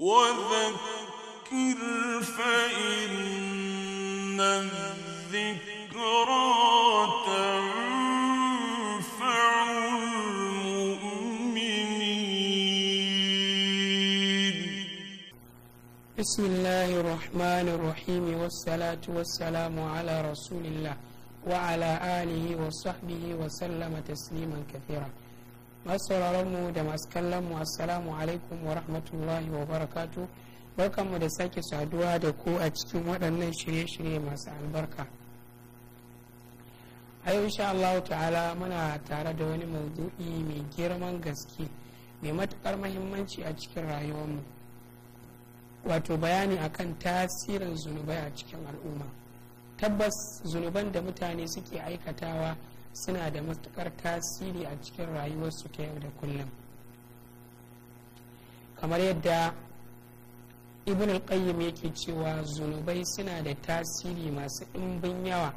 وذكر فإن الذكرى تنفع المؤمنين بسم الله الرحمن الرحيم والصلاة والسلام على رسول الله وعلى آله وصحبه وسلم تسليما كثيرا masu da masu kallonmu assalamu alaikum wa rahmatullahi wa barakatu barkanmu da sake saduwa da ku a cikin waɗannan shirye-shirye masu albarka a yau insha Allah ta'ala muna tare da wani maudu'i mai girman gaske mai matuƙar mahimmanci a cikin rayuwarmu wato bayani akan tasirin zunubai a cikin al'umma tabbas zunuban da mutane suke aikatawa suna da matukar tasiri a cikin rayuwarsu ta yau da kullum kamar yadda ibn al-qayyim yake cewa zunubai suna da tasiri masu ɗimbin yawa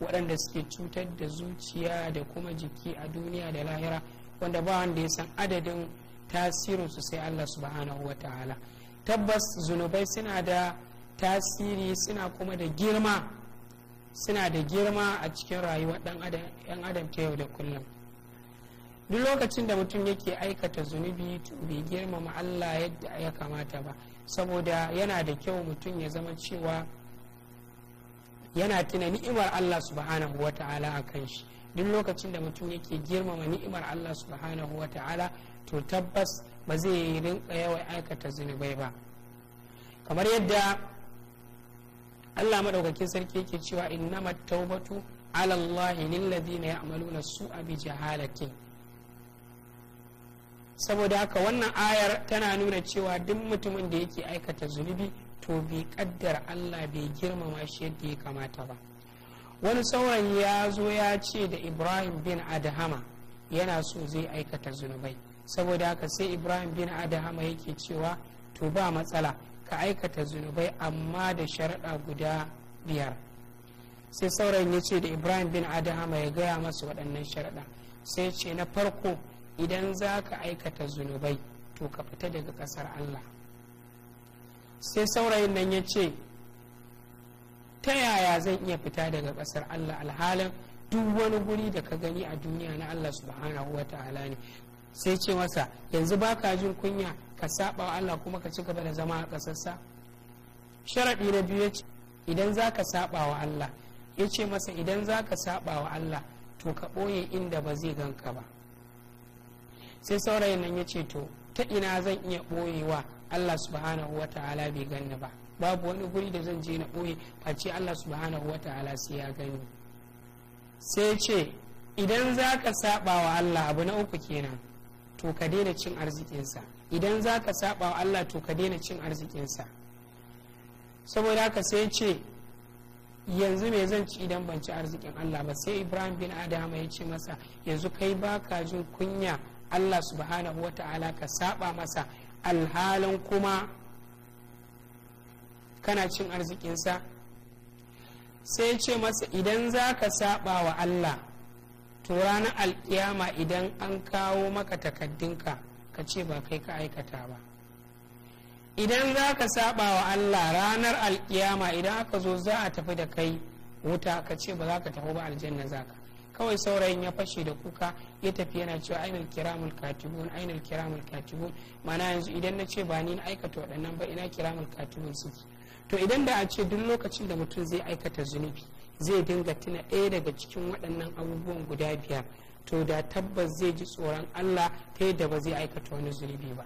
waɗanda suke cutar da zuciya da kuma jiki a duniya da lahira wanda ba wanda ya san adadin tasirinsu sai allah subhanahu wa ta'ala tabbas zunubai suna da tasiri suna kuma da girma suna da girma a cikin rayuwar ɗan adam ta yau da kullum duk lokacin da mutum yake aikata zunubi bai girmama allah yadda ya kamata ba saboda yana da kyau mutum ya zama cewa yana tuna ni'imar allah subhanahu wa ta'ala a kan shi duk lokacin da mutum yake girmama ni'imar allah subhanahu wa ta'ala to tabbas ba zai rinka yawan aikata zunubai ba kamar yadda Allah madaukakin sarki yake cewa innamat tawbatu ala Allah lil ladina ya'maluna su'a bi jahalatin saboda haka wannan ayar tana nuna cewa duk mutumin da yake aikata zunubi to bai kaddar Allah bai girmama shi yadda ya kamata ba wani sauran ya zo ya ce da Ibrahim bin adhama yana so zai aikata zunubai saboda haka sai Ibrahim bin Adahama yake cewa to ba matsala ka aikata zunubai amma da sharaɗa guda biyar sai saurayin ya ce da ibrahim bin adama ya gaya masa waɗannan sharaɗa sai ce na farko idan za ka aikata zunubai to ka fita daga ƙasar allah sai saurayin nan ya ce ta yaya zan iya fita daga ƙasar allah alhalin duk wani guri da ka gani a duniya na allah subhanahu wa ta'ala ne sai ce masa yanzu baka jin kunya ka saba wa Allah kuma ka ci gaba da zama a ƙasarsa sharaɗi na biyu ce idan za ka saba wa Allah ya ce masa idan za ka saba wa Allah to ka ɓoye inda ba zai ganka ba sai saurayin nan ya ce to ta ina zan iya ɓoyewa Allah subhanahu wa ta'ala bai ganni ba babu wani guri da zan je na ɓoye ce Allah subhanahu wa ta'ala sai ya gani sai ce idan za ka saba wa Allah abu na uku kenan to ka daina cin arzikinsa idan za ka saba wa Allah to ka daina cin arzikinsa saboda haka sai ce yanzu me zan ci idan ban ci arzikin Allah ba sai Ibrahim bin Adama ya ce masa yanzu kai baka jin kunya Allah subhanahu wa ta'ala ka saba masa alhalin kuma kana cin arzikinsa sai ce masa idan za ka saba wa Allah to ranar alkiyama idan an kawo maka takaddinka ka ce ba kai ka aikata ba idan za ka saba wa allah ranar alkiyama idan aka zo za a tafi da kai wuta ka ce ba za ka tafi ba aljanna za ka kawai saurayin ya fashe da kuka ya tafi yana cewa ainihin kiramul katibun ainihin kiramul katibun mana yanzu idan na ce ba ni na aikata waɗannan ba ina kiramul katibun suke to idan da a ce duk lokacin da mutum zai aikata zunubi zai dinga tuna ɗaya daga cikin waɗannan abubuwan guda biyar to da tabbas zai ji tsoron Allah ta yadda ba zai aikata wani zunubi ba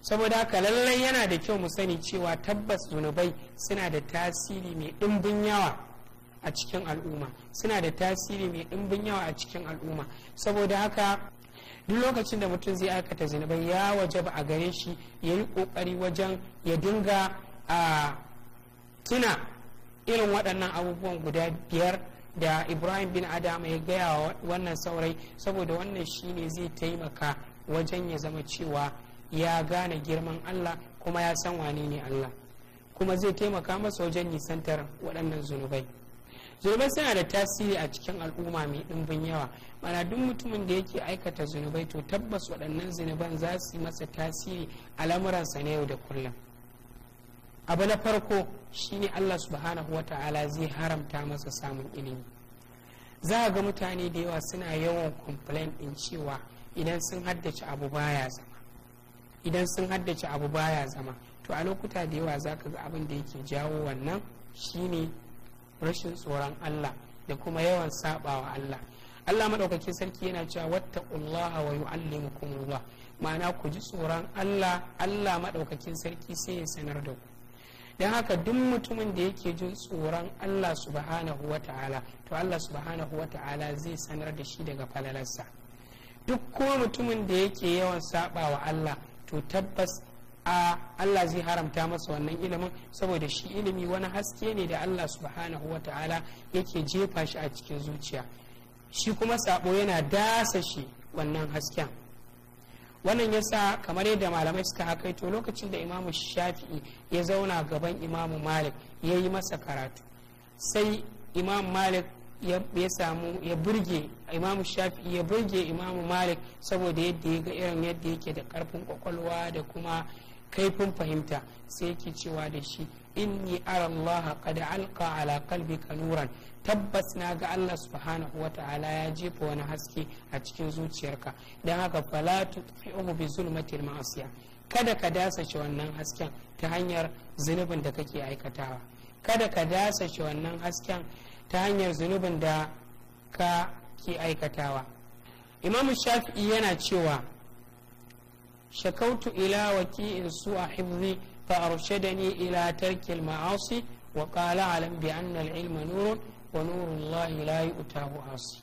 saboda haka lallai yana da kyau mu sani cewa tabbas zunubai suna da tasiri mai ɗimbin yawa a cikin al'umma suna da tasiri mai ɗimbin yawa a cikin al'umma saboda haka duk lokacin da mutum zai aikata zunubai ya waje ba a gare shi ya yi ƙoƙari wajen ya dinga a tuna irin waɗannan abubuwan guda biyar da ibrahim bin adam ya gaya wa wannan saurai saboda wannan shine zai taimaka wajen ya zama cewa ya gane girman allah kuma ya san wane ne allah kuma zai taimaka masa wajen nisantar waɗannan zunubai zunubai suna da tasiri a cikin al'umma mai ɗimbin yawa mana duk mutumin da yake aikata zunubai to tabbas waɗannan zunuban za su yi masa tasiri a lamuransa na yau da kullum abu na farko shine allah subhanahu wa ta'ala zai haramta masa samun ilimi za a ga mutane da yawa suna yawan complain din cewa idan sun haddace abu baya zama idan sun haddace abu baya zama to a lokuta da yawa za ka ga abin da yake jawo wannan shine rashin tsoron allah da kuma yawan sabawa allah allah maɗaukakin sarki yana cewa wattaqullaha wa yu'allimukumullah ma'ana ku ji tsoron allah allah maɗaukakin sarki sai ya sanar da ku don haka duk mutumin da yake jin tsoron allah subhanahu wa ta'ala to allah subhanahu wa ta'ala zai sanar da shi daga falalarsa duk kuma mutumin da yake yawan saba wa allah to tabbas a Allah zai haramta masa wannan ilimin saboda shi ilimi wani haske ne da Allah subhanahu wa ta'ala yake jefa shi a cikin zuciya shi kuma sabo yana dasa shi wannan hasken wannan ya sa kamar yadda malamai suka to lokacin da imamu shafi'i ya zauna gaban imamu malik ya yi masa karatu sai imamu malik ya samu ya burge imamu shafi'i ya burge imamu malik saboda yadda ya ga irin yadda yake da karfin kwakwalwa da kuma kaifin fahimta sai ki cewa da shi inni ara Allah qad alqa ala qalbika nuran tabbas na ga Allah subhanahu wa ta'ala ya jefa wani haske a cikin zuciyarka dan haka fala tutfi'uhu bi zulmatil ma'asiya kada ka shi wannan hasken ta hanyar zunubin da kake aikatawa kada ka shi wannan hasken ta hanyar zunubin da ka ke aikatawa imamu shafi'i yana cewa shakautu ila waki'in su a hifzi fa ni ila tarkil ma'asi wa qala alam bi anna al-ilma nurun wa nurullahi la asi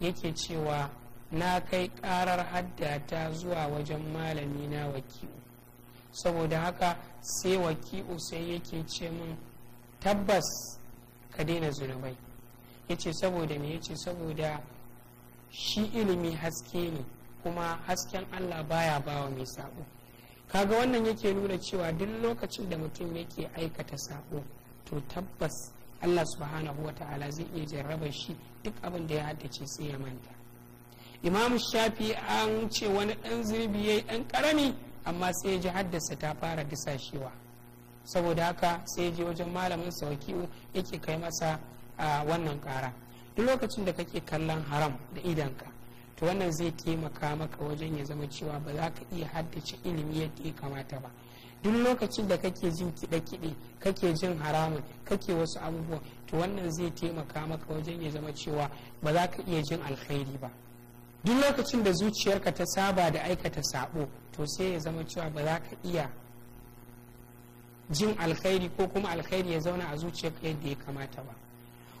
yake cewa na kai karar haddata zuwa wajen malami na waki'u saboda haka sai waki'u sai yake ce min tabbas ka daina zunubai yace saboda me yace saboda shi ilimi haske ne kuma hasken allah baya bawa mai sabo kaga wannan yake nuna cewa duk lokacin da mutum yake aikata sabo to tabbas allah subhanahu wa ta'ala zai iya jarraba shi duk abin da ya haddace sai ya manta imam shafi an ce wani dan zurbi yayi dan karami amma sai ya ji haddasa ta fara disashewa saboda haka sai ya je wajen malamin sa sawaki'u yake kai masa a wannan kara duk lokacin da kake kallon haram da idanka to wannan zai taimaka maka wajen ya zama cewa ba za ka iya haddace ilimi yadda ya kamata ba duk lokacin da kake jin kiɗe-kiɗe kake jin haramun kake wasu abubuwa to wannan zai taimaka maka wajen ya zama cewa ba za ka iya jin alkhairi ba duk lokacin da zuciyarka ta saba da aikata saɓo, to sai ya zama cewa ba za ka iya jin alkhairi ko kuma alkhairi ya zauna a zuciyarka yadda ya kamata ba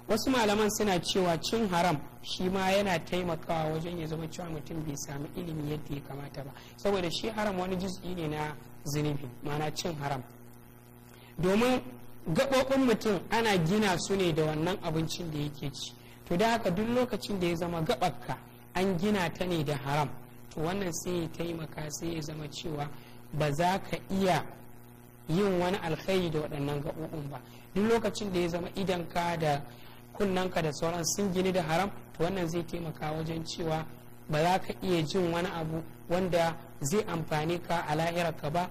wasu malaman suna cewa cin haram shi ma yana taimakawa wajen ya zama cewa mutum bai sami ilimi yadda ya kamata ba saboda shi haram wani jizgi ne na zunubi ma'ana cin haram domin gaɓoɓin mutum ana gina su ne da wannan abincin da yake ci to da haka duk lokacin da ya zama gaɓarka an gina ta ne da haram to wannan sai ya taimaka sai ya zama cewa ba za ka iya yin wani alkhairi da waɗannan gaɓoɓin ba duk lokacin da ya zama idan ka da kunnanka da sauran sun gini da haram wannan zai taimaka wajen cewa ba za ka iya jin wani abu wanda zai amfani ka a lahirarka ba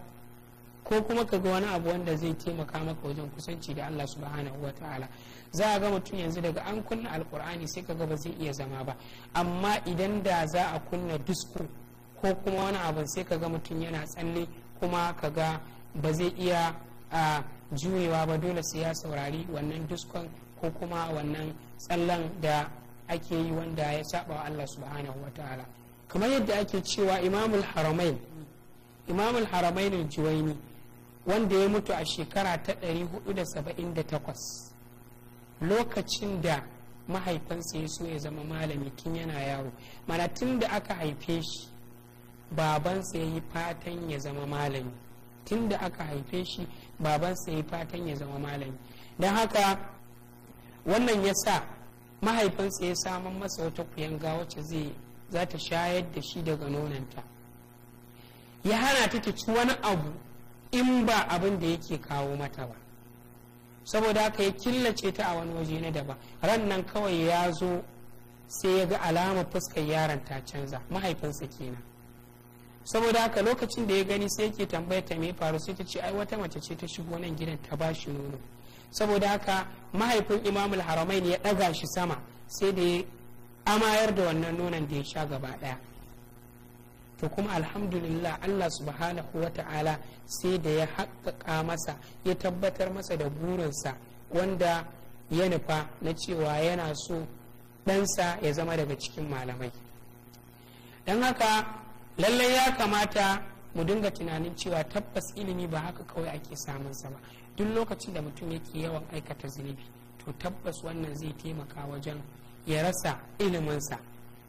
ko kuma ka ga wani abu wanda zai taimaka maka wajen kusanci da Allah subhanahu wa ta'ala za a ga mutum yanzu daga an kunna alkur'ani sai ka ga ba zai iya zama ba amma idan da za a kunna disko ko kuma wani abu sai ka ga mutum yana tsalle kuma ka ga ba zai iya a ah, juyewa ba dole sai ya saurari wannan diskon ko kuma wannan tsallan da ake yi wanda ya saba wa Allah subhanahu wa ta'ala kamar yadda ake cewa imamul haramain imamul haramain juwaini wanda ya mutu a shekara ta 478 lokacin da mahaifansa ya so ya zama malami tun yana yaro mana tun da aka haife shi babansa ya yi fatan ya zama malami tun da aka haife shi babansa ya yi fatan ya zama malami don haka wannan ya sa mahaifinsa ya samun masa wata kuyanga wacce zai za ta shayar da shi daga nonanta ya hana ta ci wani abu in ba abin da yake kawo mata ba saboda haka ya killace ta a wani waje na daban ran nan kawai ya zo sai ya ga alama fuskar yaron ta canza mahaifinsa kenan saboda haka lokacin da ya gani sai yake tambayar ta mai faru sai ta ce ai wata mace ce ta shigo nan gidan ta ba shi nono saboda haka mahaifin imamul haramain ya ɗaga shi sama sai da ya amayar da wannan nonon da ya sha gaba ɗaya to kuma alhamdulillah allah subhanahu wa ta'ala sai da ya haƙaƙa masa ya tabbatar masa da burinsa wanda ya nufa na cewa yana so ɗansa ya zama daga cikin malamai don haka lallai ya kamata mu dinga tunanin cewa tabbas ilimi ba haka kawai ake samun sa ba duk lokacin da mutum yake yawan aikata zunubi to tabbas wannan zai taimaka wajen ya rasa iliminsa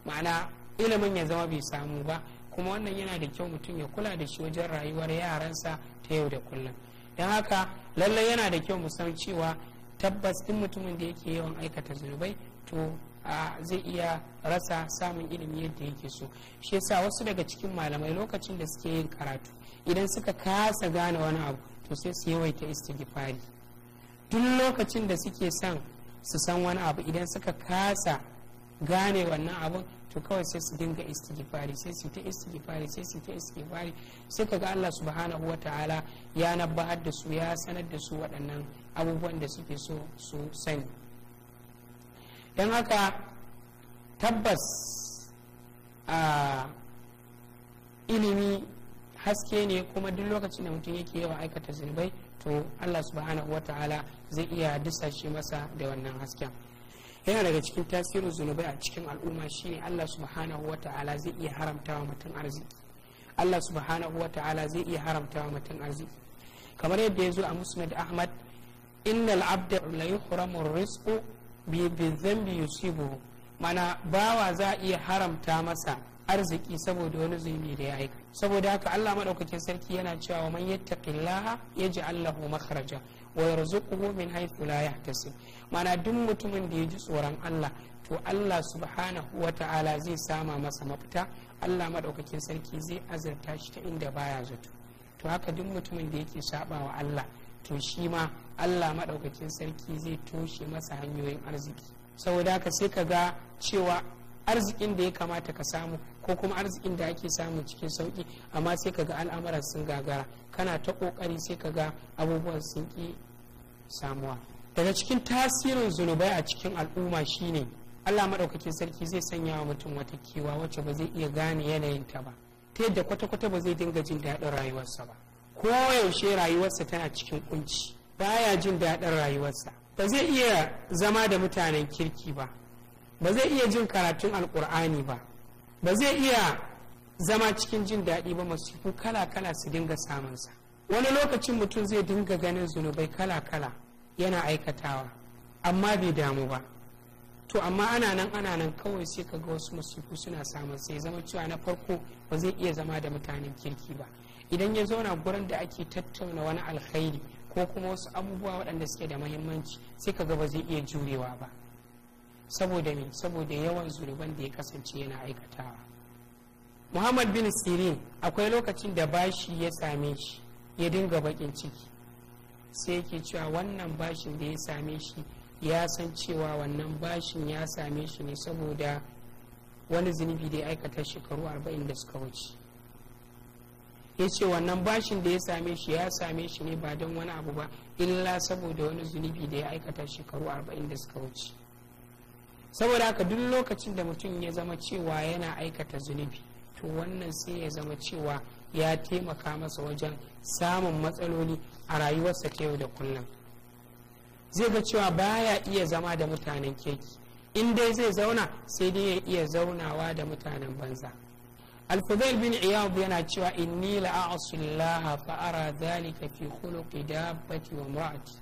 ma'ana ilimin ya zama bai samu ba kuma wannan yana da kyau mutum ya kula da shi wajen rayuwar yaransa ta yau da kullum don haka lallai yana da kyau mu san cewa tabbas in mutumin da yake yawan aikata zunubai to A'a zai iya rasa samun ilimi yadda yake so shi yasa wasu daga cikin malamai lokacin da suke yin karatu idan suka kasa gane wani abu to sai su yawaita istighfari duk lokacin da suke son su san wani abu idan suka kasa gane wannan abun to kawai sai su dinga istighfari sai su ta istighfari sai su ta istighfari sai kaga Allah subhanahu Ta'ala ya nabbahar da su ya sanar da su waɗannan abubuwan da suke so su sani don haka tabbas a ilimi haske ne kuma duk lokacin da mutum yake yawa aikata zunubai to allah subhanahu wa ta'ala zai iya dusashe masa da wannan hasken yana daga cikin tasirin zunubai a cikin al'umma shine allah subhanahu wa ta'ala zai iya haramta wa mutum arziki allah subhanahu wa ta'ala zai iya haramta wa mutum arziki kamar yadda ya zo a da ahmad innal abda la yuhramu rizqu bizambi yusibu mana bawa za a iya haramta masa arziki saboda wani zunubi da ya aika saboda haka Allah madaukakin sarki yana cewa wa man yattaqillaha yaj'al lahu makhraja wa yarzuquhu min haythu la yahtasib mana duk mutumin da ya ji tsoron Allah to Allah subhanahu wa ta'ala zai sama masa mafita Allah madaukakin sarki zai azurta shi ta inda baya zato to haka duk mutumin da yake saba wa Allah to shi ma allah maɗaukakin sarki zai toshe masa hanyoyin arziki saboda haka sai ka ga cewa arzikin da ya kamata ka samu ko kuma arzikin da ake samu cikin sauki amma sai ka ga al'amuran sun gagara kana ta ƙoƙari sai ka ga abubuwan sun ƙi samuwa daga cikin tasirin zunubai a cikin al'umma shine allah maɗaukakin sarki zai sanya wa mutum wata kewa wacce ba zai iya gane yanayinta ba ta yadda kwata-kwata ba zai dinga jin daɗin rayuwarsa ba koyaushe rayuwarsa tana cikin kunci baya jin daɗin rayuwarsa ba zai iya zama da mutanen kirki ba ba zai iya jin karatun alkur'ani ba ba zai iya zama cikin jin daɗi ba masu kala-kala su dinga samunsa wani lokacin mutum zai dinga ganin zunubai kala-kala yana aikatawa amma bai damu ba to amma ana nan ana nan kawai sai ka ga wasu masifu suna samun sai zama cewa na farko ba zai iya zama da mutanen kirki ba idan ya zauna gurin da ake tattauna wani alkhairi ko kuma wasu abubuwa waɗanda suke da mahimmanci sai ka ga ba zai iya jurewa ba saboda me saboda yawan zunuban da ya kasance yana aikatawa muhammad bin sirin akwai lokacin da bashi ya same shi ya dinga bakin ciki sai yake cewa wannan bashin da ya same shi ya san cewa wannan bashin ya same shi ne saboda wani zunubi da ya aikata shekaru 40 da suka wuce ya ce wannan bashin da ya same shi ya same shi ne ba don wani abu ba illa saboda wani zunubi da ya aikata shekaru 40 da suka wuce saboda haka duk lokacin da mutum ya zama cewa yana aikata zunubi to wannan sai ya zama cewa ya taimaka masa wajen samun matsaloli a rayuwarsa ta yau da kullum zai ga cewa baya iya zama da mutanen keki in dai zai zauna sai dai ya iya zaunawa da mutanen banza alfudail bin iyab yana cewa inni la'asullaha fa ara dhalika fi khuluqi dabbati wa imra'ati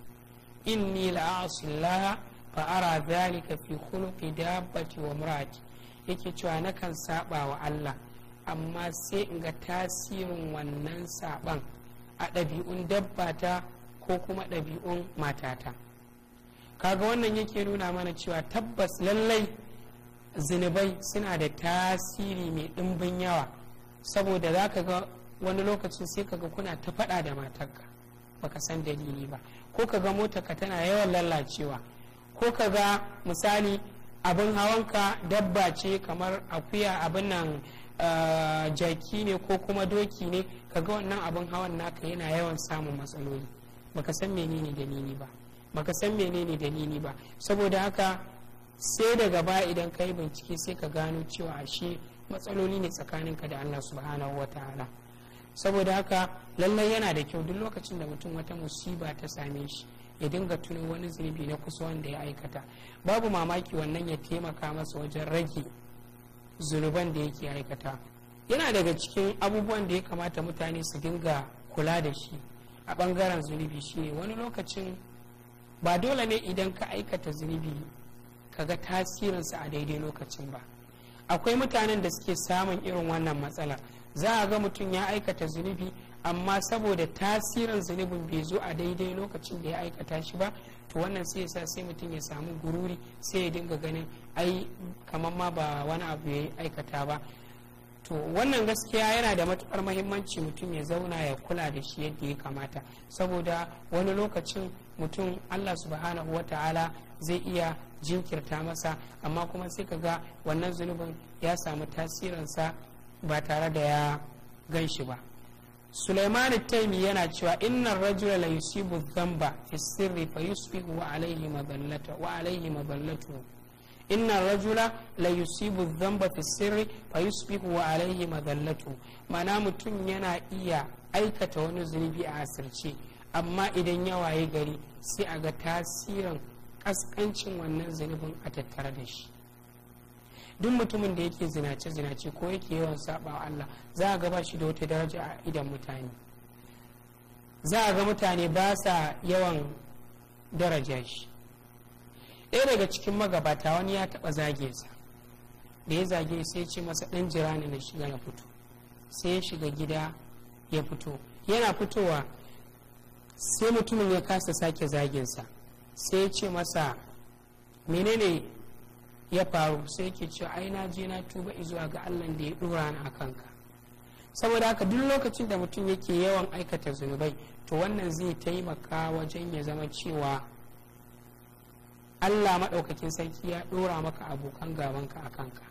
inni la'asullaha fa ara dhalika fi khuluqi dabbati wa imra'ati yake cewa nakan saba wa Allah amma sai in ga tasirin wannan saban a ɗabi'un dabbata ko kuma ɗabi'un matata kaga wannan yake nuna mana cewa tabbas lallai zinubai suna da tasiri mai ɗimbin yawa saboda za ka ga wani lokacin sai ka ga kuna ta faɗa da matarka baka san dalili ba ko ka ga motarka tana yawan lallacewa ko ka ga misali abin hawanka dabba ce kamar akuya abin nan eh, jaki ne ko kuma doki ne ka ga wannan abin hawan naka yana yawan samun matsaloli baka san menene dalili ba baka san menene dalili ba saboda haka sai daga ba idan ka bincike sai ka gano cewa ashe matsaloli ne tsakaninka da allah subhanahu wa ta'ala saboda haka lallai yana da kyau duk lokacin da mutum wata musiba ta same shi ya dinga tuno wani zunubi na kusa wanda ya aikata babu mamaki wannan ya taimaka masa wajen rage zunuban da yake aikata yana daga cikin abubuwan da ya kamata mutane su dinga kula da shi a bangaren zunubi shine wani lokacin ba dole ne idan ka aikata zunubi ka ga tasirinsa a daidai lokacin ba akwai mutanen da suke samun irin wannan matsala za a ga mutum ya aikata zunubi amma saboda tasirin zunubin bai zo a daidai lokacin da ya aikata shi ba to wannan sai sa sai mutum ya samu gururi sai ya dinga ganin ai kamar ma ba wani abu ya aikata ba to wannan gaskiya yana da matukar mahimmanci mutum ya zauna ya kula da shi yadda ya kamata saboda wani lokacin mutum allah subhanahu wa ta'ala zai iya jinkirta masa amma kuma sai ka ga wannan zunubin ya samu tasirinsa ba tare da ya gan shi ba suleiman taimi yana cewa innan rajula la yusibu zamba fi sirri fa yusbihu wa alaihi madallatu inna rajula la yusibu dhanba fi sirri fa yusbihu wa alaihi madallatu ma'ana mutum yana iya aikata wani zunubi a asirce amma idan ya waye gari sai a ga tasirin kaskancin wannan zunubin a tattare da shi duk mutumin da yake zinace zinace ko yake yawan saba Allah za a gaba shi da wata daraja a idan mutane za a ga mutane ba sa yawan daraja shi ɗaya daga cikin magabata wani ya taɓa zage sa da ya zage sai ce masa ɗan jira ne na shiga na fito sai ya shiga gida ya fito yana fitowa sai mutumin ya kasa sake zaginsa sai ya ce masa menene ya faru sai ke cewa ai na je na tuba zuwa ga allah da ya dora ni a ka saboda haka duk lokacin da mutum yake yawan aikata zunubai to wannan zai taimaka wajen ya zama cewa allah maɗaukakin sarki ya ɗora maka abokan gabanka a kanka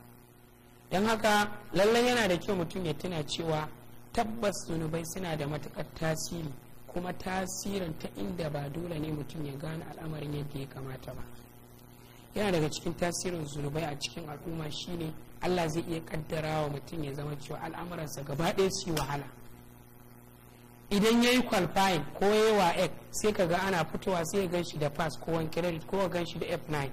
don haka lallai yana da kyau mutum ya tuna cewa tabbas zunubai suna da matuƙar tasiri kuma tasirin ta inda ba dole ne mutum ya gane al'amarin yadda ya kamata ba yana daga cikin tasirin zunubai a cikin al'umma shine allah zai iya kaddara wa mutum ya zama cewa al'amuransa gaba ɗaya su yi wahala idan ya yi qualifying ko ya wa f sai ka ga ana fitowa sai ya gan shi da pass ko wani credit ko gan shi da f9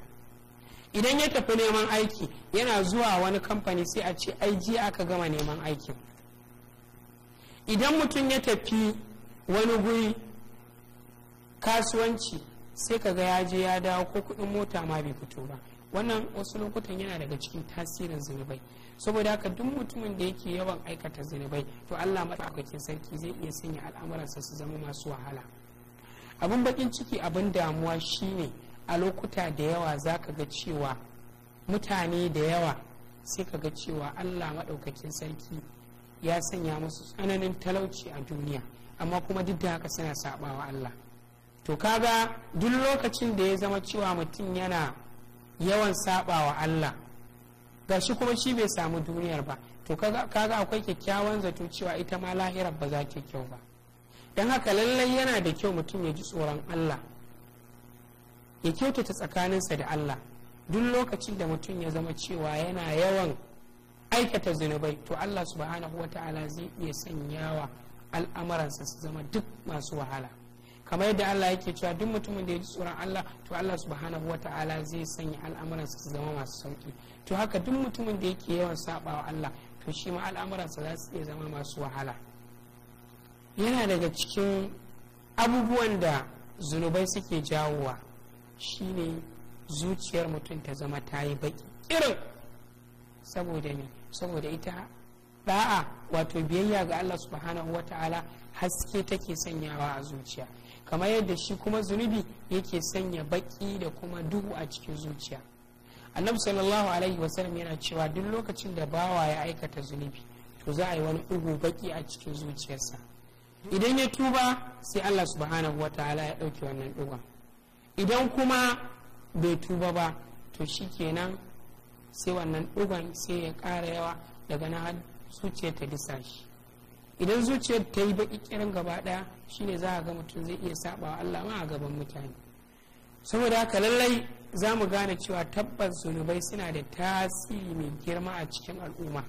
idan ya tafi neman aiki yana zuwa wani kamfani sai a ce ai jiya aka gama neman aiki idan mutum ya tafi wani guri kasuwanci sai ka ga ya je ya dawo ko kudin mota ma bai fito ba wannan wasu lokutan yana daga cikin tasirin zunubai saboda haka duk mutumin da yake yawan aikata zunubai to allah maɗaukakin sarki zai iya sanya al'amuransa su zama masu wahala abin bakin ciki abin damuwa shine a lokuta da yawa za ka ga cewa mutane da yawa sai ka ga cewa allah maɗaukakin sarki ya sanya musu tsananin talauci a duniya amma kuma duk da haka suna saɓawa allah to kaga duk lokacin da ya zama cewa mutum yana yawan wa Allah ga shi kuma shi bai samu duniyar ba to kaga akwai kyakkyawan zato cewa ita ma lahirar ba za ta kyau ba don haka lallai yana da kyau mutum ya ji tsoron Allah ya kyautata tsakaninsa da Allah duk lokacin da mutum ya zama cewa yana yawan aikata zunubai to Allah subhanahu wa ta'ala zai iya sanyawa al'amuransa su zama duk masu wahala kamar yadda Allah yake cewa duk mutumin da ya ji tsoron Allah to Allah subhanahu ta'ala zai sanya al'amuran su zama masu sauki to haka duk mutumin da yake yawan sabawa Allah to shi ma al'amuransa za su iya zama masu wahala yana daga cikin abubuwan da zunubai suke jawowa shine zuciyar mutum ta zama ta yi baki irin saboda ne saboda ita da'a wato biyayya ga Allah subhanahu ta'ala haske take sanyawa a zuciya kamar yadda shi kuma zunubi yake sanya baki da kuma duhu a cikin zuciya annabi sallallahu alaihi wasallam yana cewa duk lokacin da bawa ya aikata zunubi to za a yi wani ugu baki a cikin zuciyarsa idan ya tuba sai allah subhanahu wataala ya ɗauki wannan ɗuga idan kuma bai tuba ba to shikenan sai wannan ɗugan sai ya ƙara yawa daga na zuciyar ta disa shi idan zuciyar ta yi baki kirin gaba daya shine za a ga mutum zai iya sabawa Allah ma a gaban mutane saboda haka lallai za mu gane cewa tabbas zunubai suna da tasiri mai girma a cikin al'umma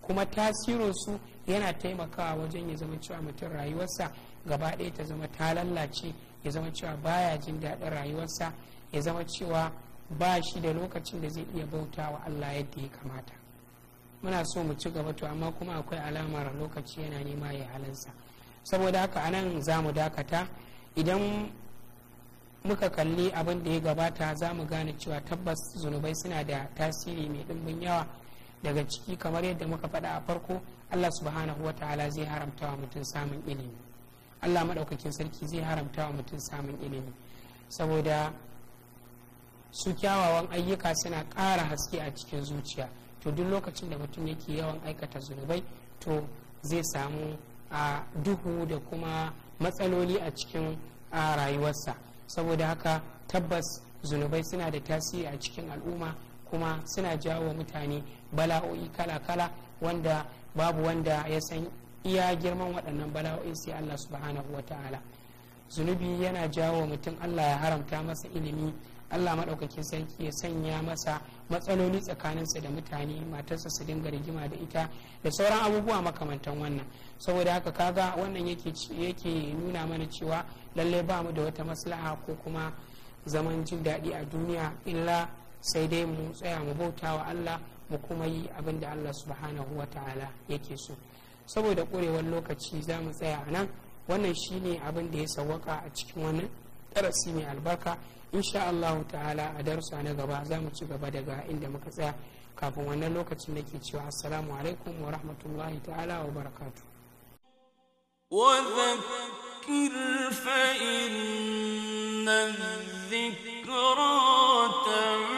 kuma tasirinsu yana taimakawa wajen ya zama cewa mutum rayuwarsa gaba ɗaya ta zama ta lallace ya zama cewa baya jin daɗin rayuwarsa ya zama cewa ba shi da lokacin da zai iya bautawa Allah yadda ya kamata muna so mu ci gaba to amma kuma akwai alamar lokaci yana nema ya halinsa saboda haka a nan za mu dakata idan muka kalli abin da ya gabata za mu gane cewa tabbas zunubai suna da tasiri mai ɗimbin yawa daga ciki kamar yadda muka faɗa a farko allah subhanahu wa ta'ala zai haramta wa mutum samun ilimi allah maɗaukakin sarki zai haramta wa mutum samun ilimi saboda su kyawawan ayyuka suna ƙara haske a cikin zuciya to duk lokacin da mutum yake yawan aikata zunubai to zai samu a duhu da kuma matsaloli a cikin rayuwarsa saboda haka tabbas zunubai suna da tasiri a cikin al'umma kuma suna jawo mutane bala'o'i kala-kala wanda babu wanda ya san iya girman waɗannan bala'o'i sai allah subhanahu wa ta'ala zunubi yana jawo mutum allah ya haramta masa ilimi allah maɗaukakin sarki ya sanya masa matsaloli tsakaninsa da mutane matarsa su dinga rigima da ita da sauran abubuwa makamantan wannan saboda haka kaga wannan yake nuna mana cewa lallai ba mu da wata maslaha ko kuma zaman jin daɗi a duniya illa sai dai mu tsaya mu bauta wa allah mu kuma yi abin da allah subhanahu wa ta'ala yake so saboda ƙurewar lokaci za mu tsaya a nan wannan shine abin da ya sawwaka a cikin wannan darasi mai albarka insha Allah ta'ala a darussa na gaba za mu ci gaba daga inda muka tsaya kafin wannan lokacin nake cewa assalamu alaikum wa rahmatullahi ta'ala wa barakatu وذكر فإن الذكرى